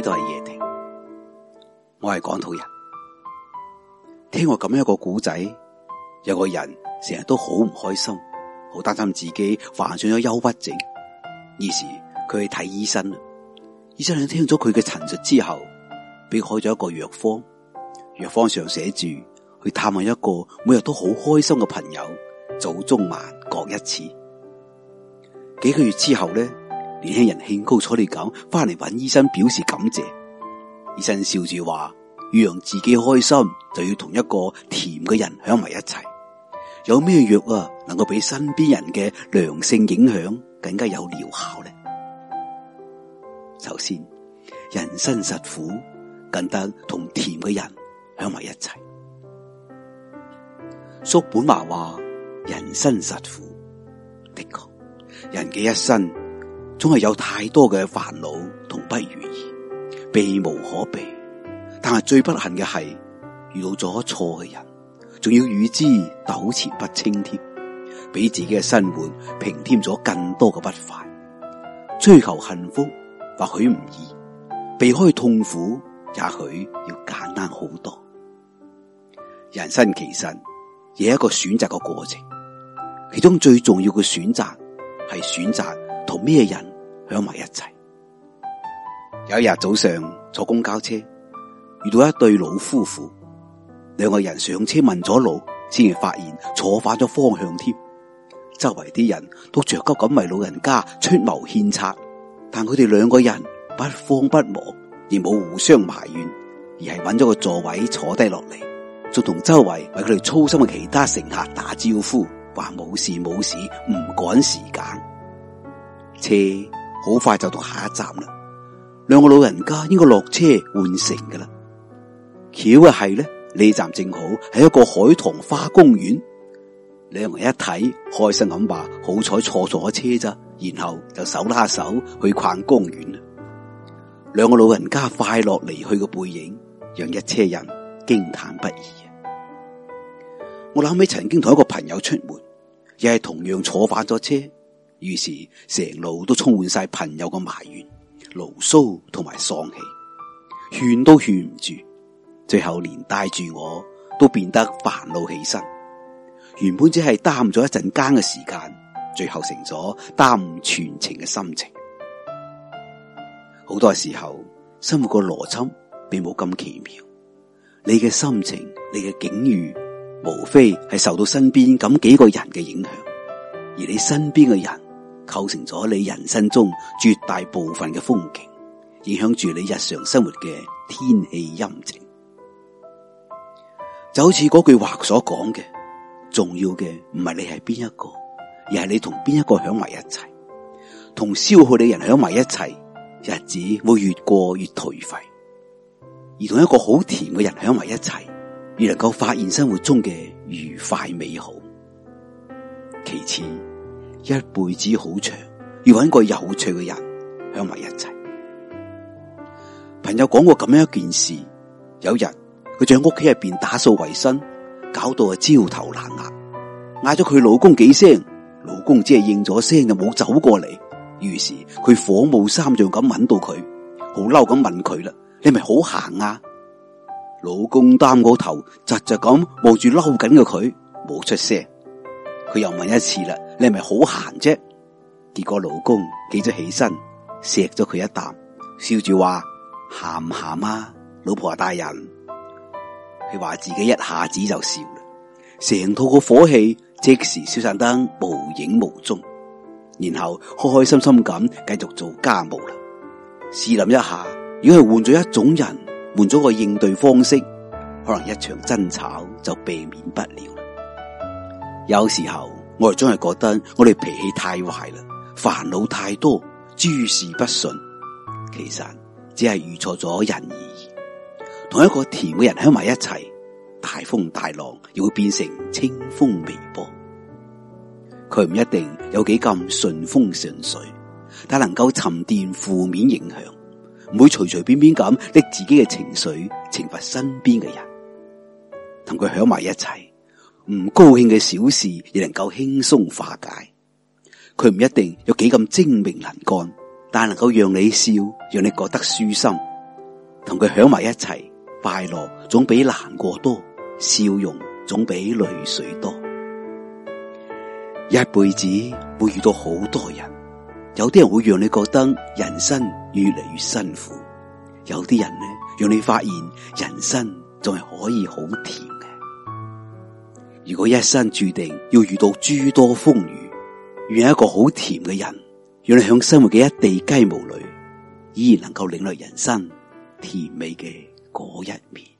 呢度係夜店，我係港土人。聽過咁樣的一個古仔，有個人成日都好唔開心，好擔心自己患上咗憂鬱症，於是佢去睇醫生啦。醫生喺聽咗佢嘅陳述之後俾開咗一個藥方。藥方上寫住去探望一個每日都好開心嘅朋友，早中晚各一次。幾個月之後咧。年輕人興高采烈咁翻嚟揾醫生，表示感謝，醫生笑住話：要讓自己開心就要同一個甜嘅人響埋一齊。有咩藥啊，能夠比身邊人嘅良性影響更加有療效呢？首先，人生實苦，更得同甜嘅人響埋一齊。叔本華話：人生實苦，的確，人嘅一生。總係有太多嘅煩惱同不如意，避無可避。但係最不幸嘅係遇到咗錯嘅人，仲要與之糾纏不清添，俾自己嘅生活平添咗更多嘅不快。追求幸福或許唔易，避開痛苦，也許要簡單好多。人生其實有一個選擇嘅過程，其中最重要嘅選擇係選擇同咩人，響埋一齊。有一日早上坐公交車，遇到一對老夫婦，兩個人上車問咗路，先至發現坐反咗方向添。周圍啲人都着急咁為老人家出謀獻策，但佢哋兩個人不慌不忙，亦冇互相埋怨，而係揾咗個座位坐低落嚟，仲同周圍為佢哋操心嘅其他乘客打招呼，話冇事冇事，唔趕時間車。好快就到下一站啦，兩個老人家應該落車換乘噶啦。巧嘅，係咧呢站正好係一個海棠花公園。兩人一睇，開心咁話：好彩坐咗車咋！然後就手拉手去逛公園。兩個老人家快樂離去嘅背影，讓一車人驚嘆不已。我諗起曾經同一個朋友出門，又係同樣坐返咗車。於是成路都充滿晒朋友嘅埋怨、牢騷同埋喪氣，勸都勸唔住，最後連帶住我都變得煩惱起身。原本只係耽誤咗一陣間嘅時間，最後成咗耽誤全程嘅心情。好多時候，生活嘅邏輯並冇咁奇妙。你嘅心情、你嘅境遇，無非係受到身邊咁幾個人嘅影響，而你身邊嘅人。構成咗你人生中絕大部分嘅風景，影響住你日常生活嘅天氣陰晴。就好似嗰句話所講嘅，重要嘅唔係你係邊一個，而係你同邊一個喺埋一齊。同消耗你嘅人喺埋一齊，日子會越過越頹廢；而同一個好甜嘅人喺埋一齊，越能夠發現生活中嘅愉快美好。其次。一輩子好長，要揾個有趣嘅人，響埋一齊。朋友講過咁樣一件事：有日佢就喺屋企入邊打掃衛生，搞到係焦頭爛額，嗌咗佢老公幾聲，老公只係應咗聲就冇走過嚟。於是佢火冒三丈咁揾到佢，好嬲咁問佢啦：你係咪好行啊？老公擔個頭，窒窒咁望住嬲緊嘅佢，冇出聲。佢又問一次啦，你係咪好閒啫？結果老公記咗起身，錫咗佢一啖，笑住話：鹹唔鹹啊？老婆大人，佢話自己一下子就笑啦，成套個火氣即時消散得無影無蹤，然後開開心心咁繼續做家務啦。試諗一下，如果係換咗一種人，換咗個應對方式，可能一場爭吵就避免不了。有時候我哋總係覺得我哋脾氣太壞啦，煩惱太多，諸事不順。其實只係遇錯咗人而已。同一個甜嘅人響埋一齊，大風大浪又會變成清風微波。佢唔一定有幾咁順風順水，但能夠沉澱負面影響，唔會隨隨便便咁拎自己嘅情緒懲罰身邊嘅人，同佢響埋一齊。唔高興嘅小事亦能夠輕鬆化解，佢唔一定有幾咁精明能幹，但能夠讓你笑，讓你覺得舒心。同佢響埋一齊，快樂總比難過多，笑容總比淚水多。一輩子會遇到好多人，有啲人會讓你覺得人生越嚟越辛苦，有啲人呢，讓你發現人生仲係可以好甜。如果一生注定要遇到諸多風雨，願有一個好甜嘅人，讓你響生活嘅一地雞毛裏，依然能夠領略人生甜美嘅一面。